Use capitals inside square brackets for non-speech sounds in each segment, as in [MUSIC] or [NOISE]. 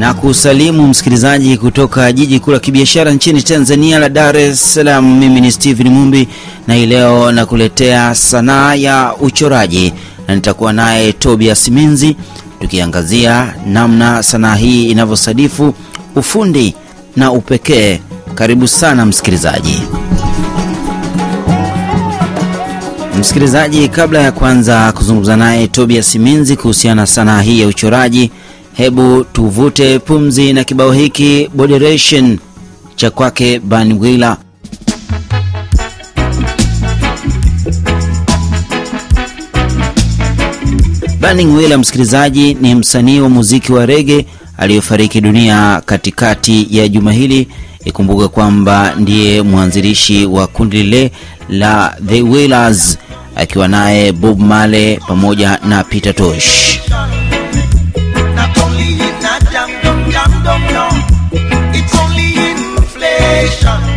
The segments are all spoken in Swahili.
na kusalimu msikilizaji kutoka jiji kuu la kibiashara nchini Tanzania la Dar es Salaam. Mimi ni Steven Mumbi na hii leo nakuletea sanaa ya uchoraji na nitakuwa naye Tobias Minzi tukiangazia namna sanaa hii inavyosadifu ufundi na upekee. Karibu sana msikilizaji. Msikilizaji, kabla ya kwanza kuzungumza naye Tobias Minzi kuhusiana na sanaa hii ya uchoraji Hebu tuvute pumzi na kibao hiki Boderation cha kwake Banwila. banning Wheeler, msikilizaji, ni msanii wa muziki wa rege aliyofariki dunia katikati ya juma hili. Ikumbuka kwamba ndiye mwanzilishi wa kundi lile la The willers akiwa naye Bob male pamoja na Peter Tosh. only in a jam, dum, jam, dum, no. It's only inflation.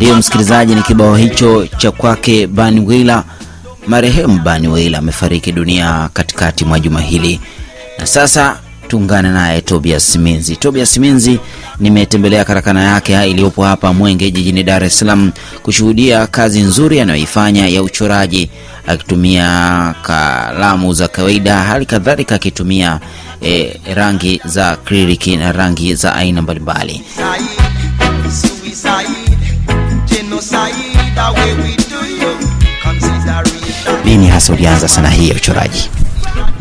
Ndiyo msikilizaji, ni kibao hicho cha kwake Bani wila Marehemu Bani wila amefariki dunia katikati mwa juma hili, na sasa tuungane naye Tobias Minzi. Tobias Minzi, nimetembelea karakana yake iliyopo hapa Mwenge jijini Dar es Salaam kushuhudia kazi nzuri anayoifanya ya uchoraji akitumia kalamu za kawaida, hali kadhalika akitumia e, rangi za kliriki na rangi za aina mbalimbali. Lini hasa ulianza sanaa hii ya uchoraji?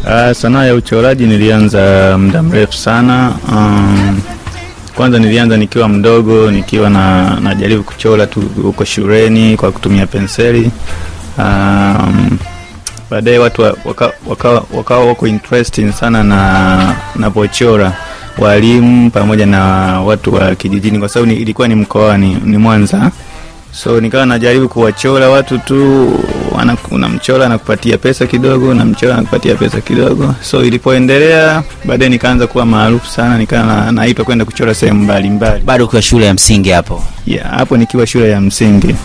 Uh, sanaa ya uchoraji nilianza ah, muda mrefu sana. Um, kwanza nilianza nikiwa mdogo nikiwa na najaribu kuchora tu huko shuleni kwa kutumia penseli. Um, baadaye watu wakawa waka, waka wako interesting sana na napochora, walimu pamoja na watu wa kijijini, kwa sababu ilikuwa ni mkoani, ni Mwanza so nikawa najaribu kuwachola watu tu, namchola anakupatia pesa kidogo, namchola anakupatia pesa kidogo. So ilipoendelea baadae nikaanza kuwa maarufu sana, nikawa naitwa kwenda kuchora sehemu mbalimbali. Bado ukiwa shule ya msingi hapo? Yeah, hapo nikiwa shule ya msingi.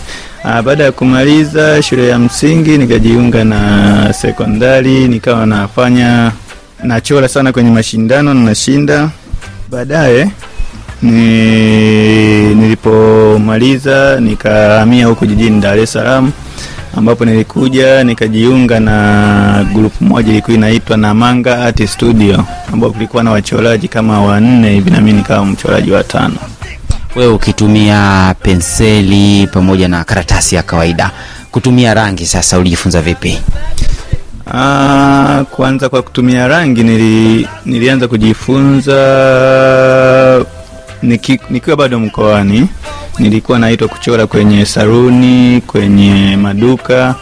Ah, baada ya kumaliza shule ya msingi nikajiunga na sekondari, nikawa nafanya nachora sana kwenye mashindano, nashinda. Baadaye ni, nilipomaliza nikahamia huku jijini Dar es Salaam ambapo nilikuja nikajiunga na grupu moja ilikuwa inaitwa Namanga Art Studio, ambapo kulikuwa na wachoraji kama wanne hivi, nami nikawa mchoraji wa tano. Wewe ukitumia penseli pamoja na karatasi ya kawaida, kutumia rangi sasa ulijifunza vipi? Aa, ah, kwanza kwa kutumia rangi nili, nilianza kujifunza Niki, nikiwa bado mkoani nilikuwa naitwa kuchora kwenye saruni, kwenye maduka,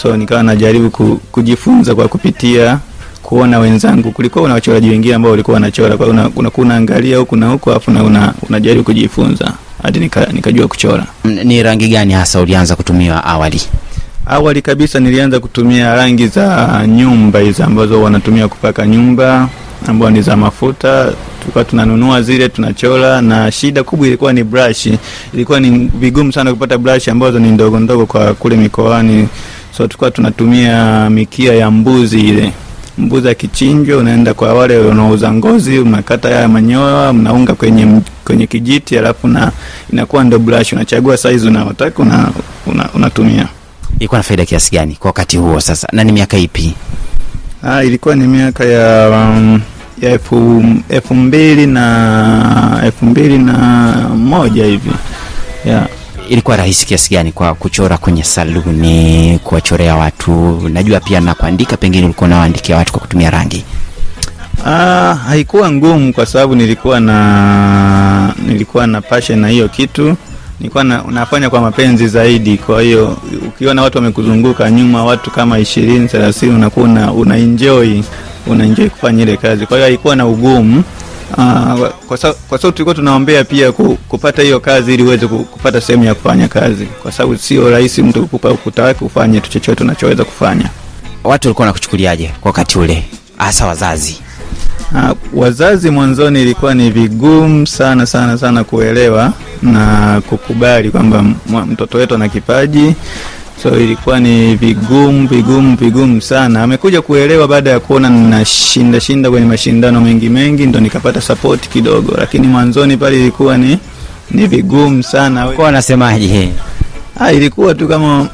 so nikawa najaribu ku, kujifunza kwa kupitia kuona wenzangu. Kulikuwa una wachoraji wengine ambao walikuwa wanachora, kwa hiyo huku na huku, afu una, unajaribu kujifunza hadi nika, nikajua kuchora. Ni rangi gani hasa ulianza kutumia awali? Awali kabisa nilianza kutumia rangi za nyumba hizi ambazo wanatumia kupaka nyumba, ambao ni za mafuta tulikuwa tunanunua zile tunachola, na shida kubwa ilikuwa ni brush. Ilikuwa ni vigumu sana kupata brush ambazo ni ndogo ndogo kwa kule mikoani, so tulikuwa tunatumia mikia ya mbuzi ile mbuzi akichinjwa, unaenda kwa wale wanaouza ngozi, unakata ya manyoya, mnaunga kwenye kwenye kijiti, alafu na inakuwa ndio brush. Unachagua size unayotaka una, una, unatumia. Ilikuwa na faida kiasi gani kwa wakati huo? Sasa na ni miaka ipi? Ah, ilikuwa ni miaka ya um, ya elfu, elfu mbili na elfu mbili na moja hivi yeah. Ilikuwa rahisi kiasi gani kwa kuchora kwenye saluni, kuwachorea watu? Najua pia na kuandika, pengine ulikuwa unawaandikia watu kwa kutumia rangi. Ah, haikuwa ngumu kwa sababu nilikuwa na nilikuwa na passion na hiyo kitu nilikuwa na, nafanya kwa mapenzi zaidi. Kwa hiyo ukiona watu wamekuzunguka nyuma, watu kama ishirini thelathini, unakuwa una enjoy unaenjoy kufanya ile kazi. Kwa hiyo haikuwa na ugumu uh, kwa sababu tulikuwa tunaombea pia ku, kupata hiyo kazi ili uweze kupata sehemu ya kufanya kazi, kwa sababu sio rahisi mtu kupa kutaka ufanye tu chochote unachoweza kufanya. Watu walikuwa nakuchukuliaje kwa wakati ule, hasa wazazi? Uh, wazazi mwanzoni ilikuwa ni vigumu sana sana sana kuelewa na kukubali kwamba mtoto wetu ana kipaji so ilikuwa ni vigumu vigumu vigumu sana. Amekuja kuelewa baada ya kuona nashinda shinda kwenye mashindano mengi mengi, ndo nikapata spot kidogo, lakini mwanzoni pale ilikuwa ni ni vigumu sana. Kwa anasemaje? Ah, ilikuwa tu kama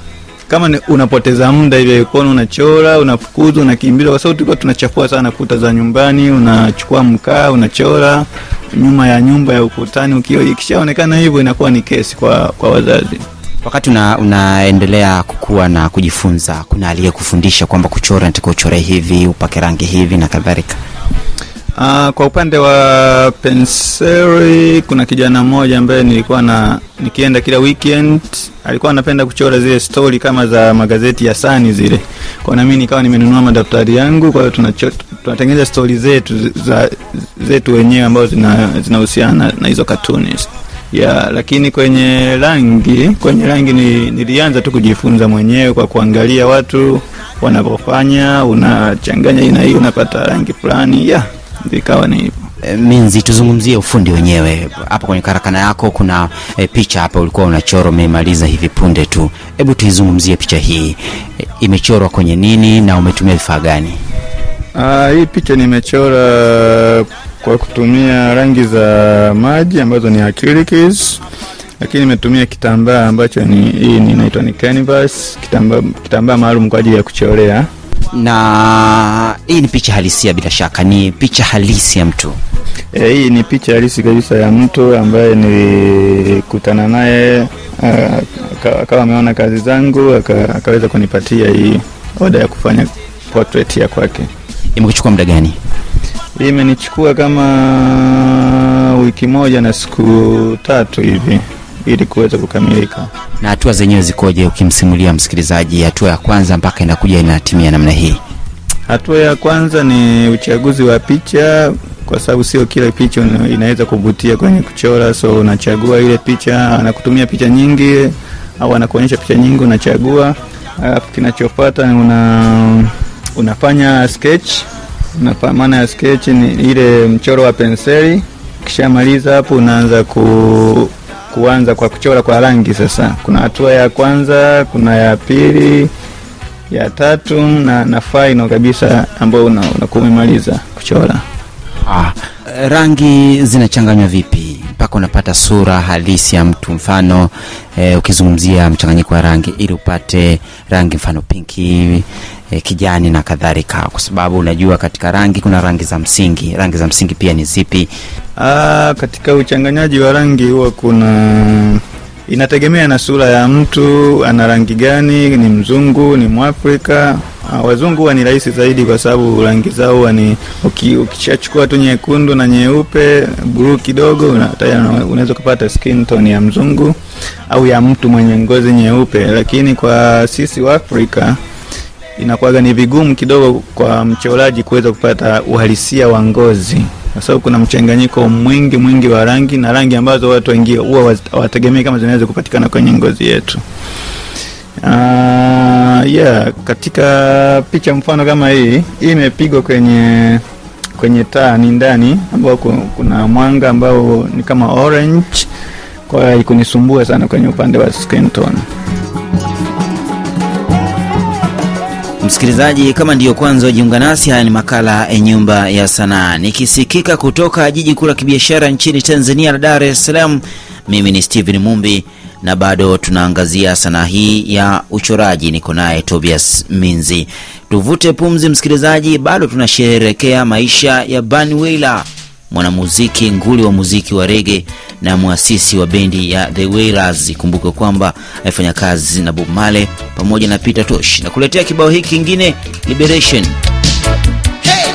kama unapoteza muda hivi, ikono unachora, unafukuzwa, unakimbizwa, kwa sababu tulikuwa tunachafua sana kuta za nyumbani, unachukua mkaa, unachora nyuma ya nyumba ya ukutani, ikishaonekana hivyo inakuwa ni kesi kwa kwa wazazi. Wakati una, unaendelea kukua na kujifunza, kuna aliyekufundisha kwamba kuchora nataka uchore hivi, upake rangi hivi na kadhalika? Uh, kwa upande wa penseli kuna kijana mmoja ambaye nilikuwa na nikienda kila weekend, alikuwa anapenda kuchora zile stori kama za magazeti ya Sani zile. Kwa na mimi nikawa nimenunua madaftari yangu, kwa hiyo tunatengeneza stori zetu za zetu wenyewe ambazo zinahusiana zina na hizo cartoons ya lakini kwenye rangi kwenye rangi ni, nilianza tu kujifunza mwenyewe kwa kuangalia watu wanavyofanya, unachanganya ina hiyo unapata rangi fulani, ya ikawa ni hivyo. E, Minzi, tuzungumzie ufundi wenyewe hapa kwenye karakana yako. Kuna e, picha hapa ulikuwa unachora, umemaliza hivi punde tu. Hebu tuizungumzie picha hii e, imechorwa kwenye nini na umetumia vifaa gani? Aa, ah, hii picha nimechora kwa kutumia rangi za maji ambazo ni acrylics, lakini nimetumia kitambaa ambacho ni hii inaitwa ni canvas, kitambaa kitambaa maalum kwa ajili ya kuchorea. Na hii ni picha halisia, bila shaka ni picha halisi ya mtu. E, hii ni picha halisi kabisa ya mtu ambaye nilikutana naye eh, akawa ameona kazi zangu akaweza kunipatia hii oda ya kufanya portrait ya kwake. Imekuchukua muda gani? Imenichukua kama wiki moja na siku tatu hivi ili kuweza kukamilika. Na hatua zenyewe zikoje, ukimsimulia msikilizaji hatua ya kwanza mpaka inakuja inatimia namna hii? Hatua ya kwanza ni uchaguzi wa picha, kwa sababu sio kila picha inaweza kuvutia kwenye kuchora, so unachagua ile picha, anakutumia picha nyingi au anakuonyesha picha nyingi, unachagua. Alafu kinachofuata una unafanya sketch na maana ya sketch ni ile mchoro wa penseli. Ukishamaliza hapo unaanza ku, kuanza kwa kuchora kwa rangi. Sasa kuna hatua ya kwanza, kuna ya pili, ya tatu na, na final kabisa ambayo unakumemaliza una kuchora. Ah, rangi zinachanganywa vipi mpaka unapata sura halisi ya mtu? Mfano eh, ukizungumzia mchanganyiko wa rangi ili upate rangi mfano pinki e, kijani na kadhalika, kwa sababu unajua katika rangi kuna rangi za msingi. Rangi za msingi pia ni zipi? Aa, ah, katika uchanganyaji wa rangi huwa kuna inategemea na sura ya mtu, ana rangi gani, ni mzungu, ni Mwafrika. Ah, wazungu huwa ni rahisi zaidi, kwa sababu rangi zao huwa ni ukishachukua tu nyekundu na nyeupe, bluu kidogo, unaweza kupata skin tone ya mzungu au ya mtu mwenye ngozi nyeupe. Lakini kwa sisi Waafrika inakuwaga ni vigumu kidogo kwa mchoraji kuweza kupata uhalisia wa ngozi, kwa sababu kuna mchanganyiko mwingi mwingi wa rangi na rangi ambazo watu wengi huwa hawategemei kama zinaweza kupatikana kwenye ngozi yetu. Uh, yeah, katika picha mfano kama hii hii imepigwa kwenye kwenye taa ni ndani ambao kuna mwanga ambao ni kama orange, kwa hiyo ikunisumbua sana kwenye upande wa skin tone. Msikilizaji, kama ndiyo kwanza wajiunga nasi, haya ni makala ya Nyumba ya Sanaa nikisikika kutoka jiji kuu la kibiashara nchini Tanzania la Dar es Salaam. Mimi ni stephen Mumbi na bado tunaangazia sanaa hii ya uchoraji. Niko naye Tobias Minzi. Tuvute pumzi, msikilizaji, bado tunasheherekea maisha ya ban Wailer mwanamuziki nguli wa muziki wa rege na mwasisi wa bendi ya The Wailers. Ikumbuke kwamba alifanya kazi na Bob Marley pamoja na Peter Tosh, na kuletea kibao hiki kingine Liberation. Hey,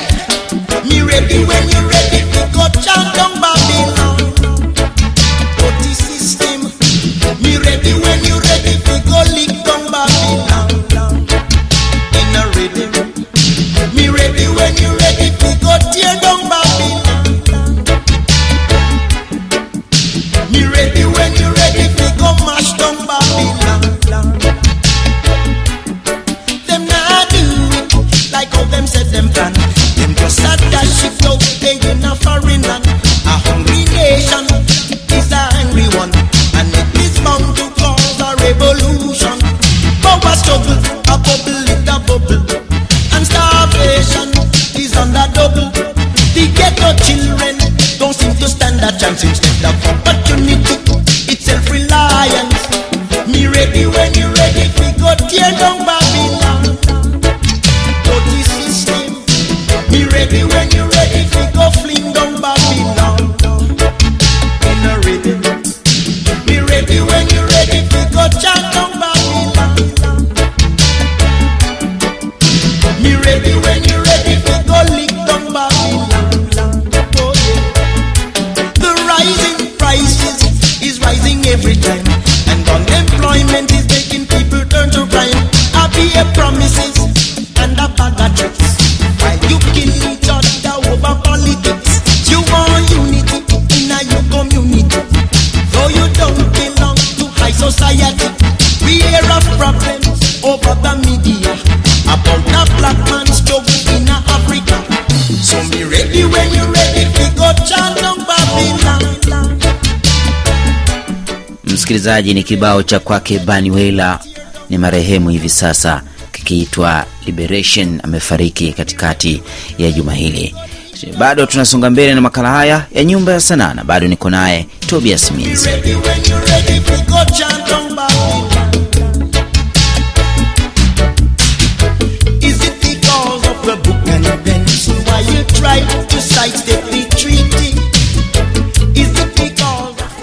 msikilizaji, ni kibao cha kwake baniwela ni marehemu hivi sasa, kikiitwa Liberation. Amefariki katikati ya juma hili. Bado tunasonga mbele na makala haya ya Nyumba ya Sanaa na bado niko naye Tobias mins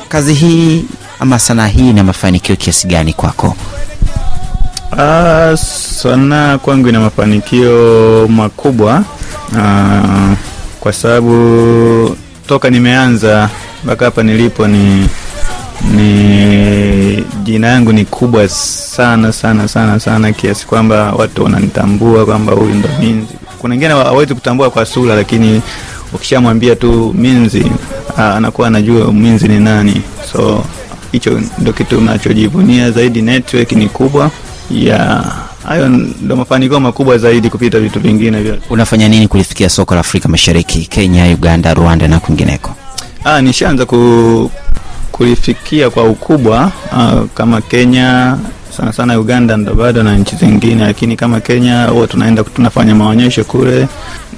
Kazi hii ama sanaa hii ina mafanikio kiasi gani kwako? Uh, sanaa kwangu ina mafanikio makubwa uh, kwa sababu toka nimeanza mpaka hapa nilipo ni ni jina yangu ni kubwa sana sana sana sana kiasi kwamba watu wananitambua kwamba huyu ndo Minzi. Kuna wengine hawezi kutambua kwa sura, lakini ukishamwambia tu Minzi ah, anakuwa anajua Minzi ni nani so hicho ndo kitu nachojivunia zaidi. Network ni kubwa ya Hayo ndo mafanikio makubwa zaidi kupita vitu vingine vyote. Unafanya nini kulifikia soko la Afrika Mashariki, Kenya, Uganda, Rwanda na kwingineko? Ah, nishaanza ku, kulifikia kwa ukubwa ah, kama Kenya sana sana Uganda ndo bado na nchi zingine, lakini kama Kenya huwa tunaenda tunafanya maonyesho kule,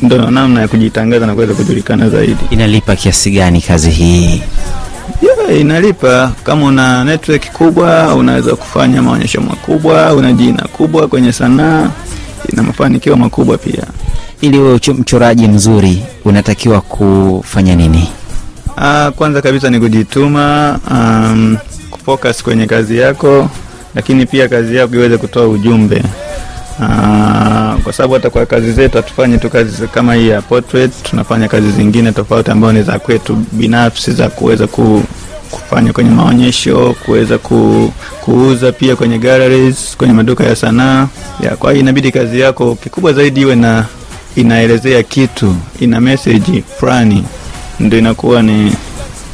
ndo namna ya kujitangaza na kuweza kujulikana zaidi. Inalipa kiasi gani kazi hii? Yeah, inalipa kama una network kubwa, unaweza kufanya maonyesho makubwa, una jina kubwa kwenye sanaa, ina mafanikio makubwa pia. Ili wewe mchoraji mzuri unatakiwa kufanya nini? Aa, ah, kwanza kabisa ni kujituma, um, kufocus kwenye kazi yako, lakini pia kazi yako iweze kutoa ujumbe. Aa, ah, kwa sababu hata kwa kazi zetu hatufanyi tu kazi kama hii ya portrait, tunafanya kazi zingine tofauti ambazo ni za kwetu binafsi za kuweza ku, kufanya kwenye maonyesho, kuweza ku, kuuza pia kwenye galleries, kwenye maduka ya sanaa ya. Kwa hiyo inabidi kazi yako kikubwa zaidi iwe na inaelezea kitu, ina message fulani, ndio inakuwa ni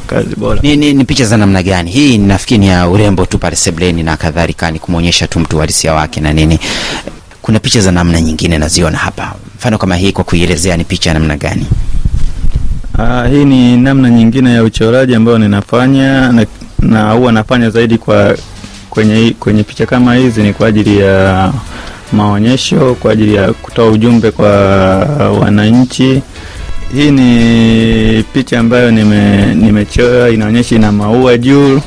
kazi bora. Ni, ni, ni picha za namna gani? Hii nafikiri ni ya urembo tu pale sebleni na kadhalika, ni kumwonyesha tu mtu uhalisia wake na nini kuna picha za namna nyingine naziona hapa, mfano kama hii, kwa kuielezea ni picha ya namna gani? Aa, ah, hii ni namna nyingine ya uchoraji ambayo ninafanya na, na huwa nafanya zaidi kwa kwenye, kwenye picha kama hizi ni kwa ajili ya maonyesho, kwa ajili ya kutoa ujumbe kwa wananchi. Hii ni picha ambayo nime, nimechora inaonyesha ina maua juu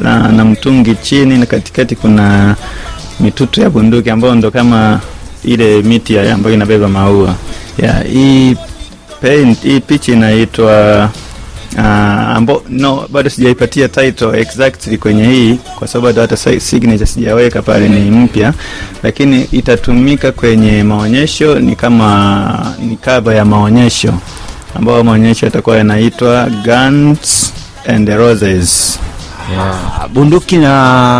na, na mtungi chini na katikati kuna mitutu ya bunduki ambayo ndo kama ile miti ambayo inabeba maua yeah, hii paint hii picha inaitwa uh, ambo, no bado sijaipatia title exactly kwenye hii kwa sababu bado hata signature sijaweka pale ni mpya lakini itatumika kwenye maonyesho ni kama ni kaba ya maonyesho ambayo maonyesho yatakuwa yanaitwa guns and roses yeah. Bunduki na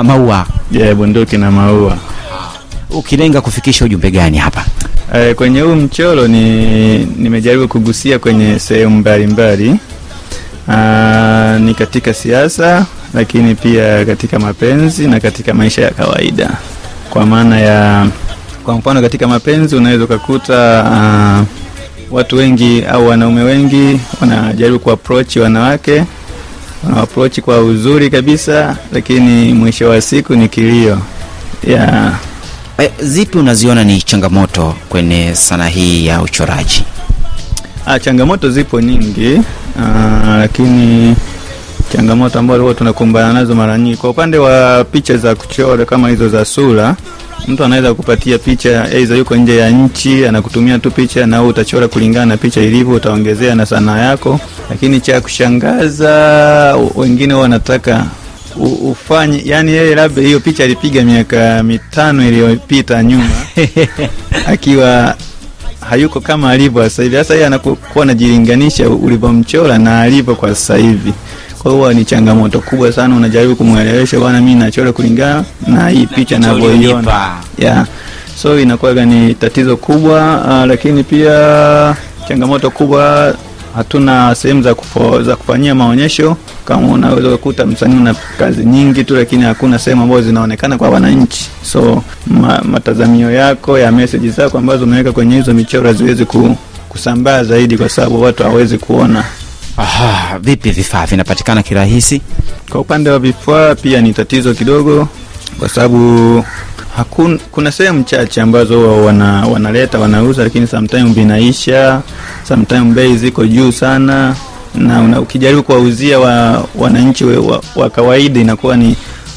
maua yeah, bunduki na maua. Ukilenga kufikisha ujumbe gani hapa? E, kwenye huu mchoro ni nimejaribu kugusia kwenye sehemu mbalimbali, ah, ni katika siasa, lakini pia katika mapenzi na katika maisha ya kawaida, kwa maana ya kwa mfano katika mapenzi unaweza ukakuta ah, watu wengi au wanaume wengi wanajaribu kuapproach wanawake approach kwa uzuri kabisa, lakini mwisho wa siku ni kilio yeah. E, zipi unaziona ni changamoto kwenye sanaa hii ya uchoraji? Ah, changamoto zipo nyingi ah, lakini changamoto ambazo huwa tunakumbana nazo mara nyingi. Kwa upande wa picha za kuchora kama hizo za sura, mtu anaweza kupatia picha aidha yuko nje ya nchi, anakutumia tu picha na wewe utachora kulingana na picha ilivyo, utaongezea na sanaa yako. Lakini cha kushangaza, wengine wanataka ufanye yani, yeye labda hiyo picha alipiga miaka mitano iliyopita nyuma [LAUGHS] akiwa hayuko kama alivyo sasa hivi. Sasa yeye anakuwa anajilinganisha ulivyomchora na alivyo kwa sasa hivi. Kwa hiyo ni changamoto kubwa sana, unajaribu kumwelewesha bwana, mimi nachora kulingana na hii picha ninavyoiona. Yeah. So inakuwa ni tatizo kubwa uh, lakini pia changamoto kubwa hatuna sehemu za, za kufanyia maonyesho. Kama unaweza kukuta msanii na kazi nyingi tu, lakini hakuna sehemu ambazo zinaonekana kwa wananchi. So ma, matazamio yako ya meseji zako ambazo umeweka kwenye hizo michoro ziwezi kusambaa zaidi, kwa sababu watu hawawezi kuona. Aha, vipi vifaa vinapatikana kirahisi? Kwa upande wa vifaa pia ni tatizo kidogo, kwa sababu hakuna, kuna sehemu chache ambazo wana, wanaleta wanauza, lakini sometimes vinaisha, sometimes bei ziko juu sana, na una, ukijaribu kuwauzia wa, wananchi wa, wa kawaida inakuwa ni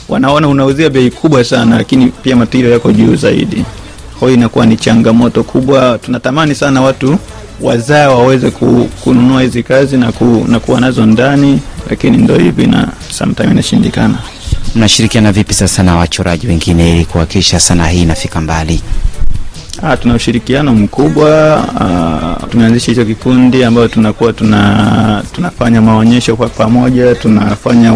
wanaona unauzia bei kubwa sana, lakini pia matirio yako juu zaidi. Kwa hiyo inakuwa ni changamoto kubwa. Tunatamani sana watu wazaa waweze ku, kununua hizi kazi na, ku, na kuwa nazo ndani, lakini ndo hivi na sometimes inashindikana. Mnashirikiana vipi sasa na wachoraji wengine ili kuhakikisha sanaa hii inafika mbali? Ah, tuna ushirikiano mkubwa. Ah, tumeanzisha hicho kikundi ambayo tunakuwa tuna tunafanya maonyesho kwa pamoja, tunafanya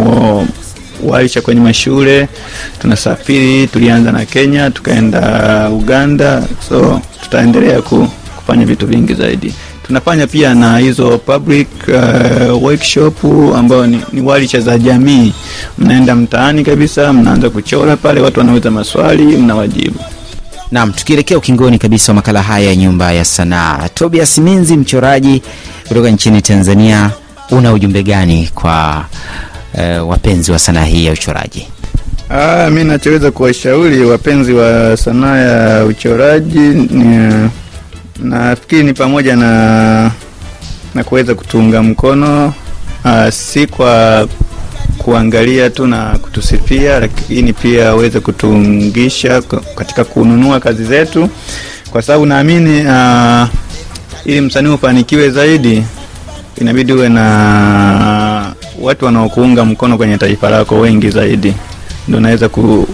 waisha kwenye mashule, tunasafiri. Tulianza na Kenya tukaenda Uganda, so tutaendelea ku kufanya vitu vingi zaidi. Tunafanya pia na hizo public uh, workshop ambayo ni, ni walicha za jamii. Mnaenda mtaani kabisa, mnaanza kuchora pale, watu wanaweza maswali, mnawajibu. nam tukielekea ukingoni kabisa wa makala haya ya Nyumba ya Sanaa, Tobias Minzi, mchoraji kutoka nchini Tanzania, una ujumbe gani kwa uh, wapenzi wa sanaa hii ya uchoraji? Ah, mi nachoweza kuwashauri wapenzi wa sanaa ya uchoraji ni Nafikiri ni pamoja na na kuweza kutunga mkono uh, si kwa kuangalia tu na kutusifia, lakini pia aweze kutungisha katika kununua kazi zetu, kwa sababu naamini uh, ili msanii ufanikiwe zaidi inabidi uwe na watu wanaokuunga mkono kwenye taifa lako wengi zaidi, ndio naweza ku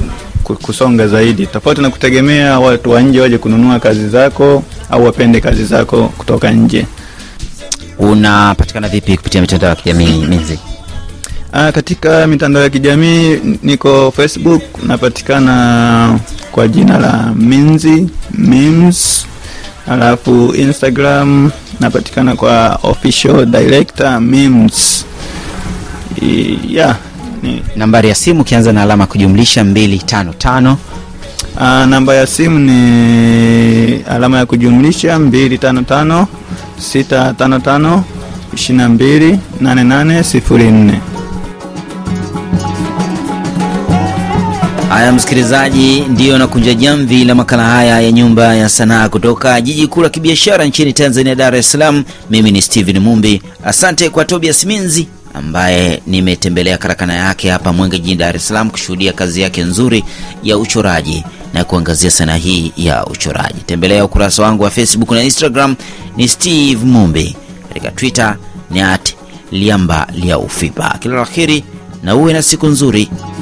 kusonga zaidi, tofauti na kutegemea watu wa nje waje kununua kazi zako au wapende kazi zako kutoka nje. Unapatikana vipi kupitia mitandao ya kijamii Mizi? Aa, ah, katika mitandao ya kijamii niko Facebook, napatikana kwa jina la Minzi Mims, alafu Instagram napatikana kwa official director Mims. Yeah ni nambari ya simu ukianza na alama kujumlisha 255 Uh, ah, namba ya simu ni alama ya kujumlisha 255 655 Haya, msikilizaji, ndiyo nakunja jamvi la makala haya ya Nyumba ya Sanaa kutoka jiji kuu la kibiashara nchini Tanzania, Dar es Salaam. Mimi ni Steven Mumbi, asante kwa Tobias Minzi ambaye nimetembelea karakana yake hapa Mwenge jijini Dar es Salaam kushuhudia kazi yake nzuri ya uchoraji na kuangazia sanaa hii ya uchoraji. Tembelea ukurasa wangu wa Facebook na Instagram ni Steve Mumbi, katika Twitter ni at liamba liaufipa Kila la heri na uwe na siku nzuri.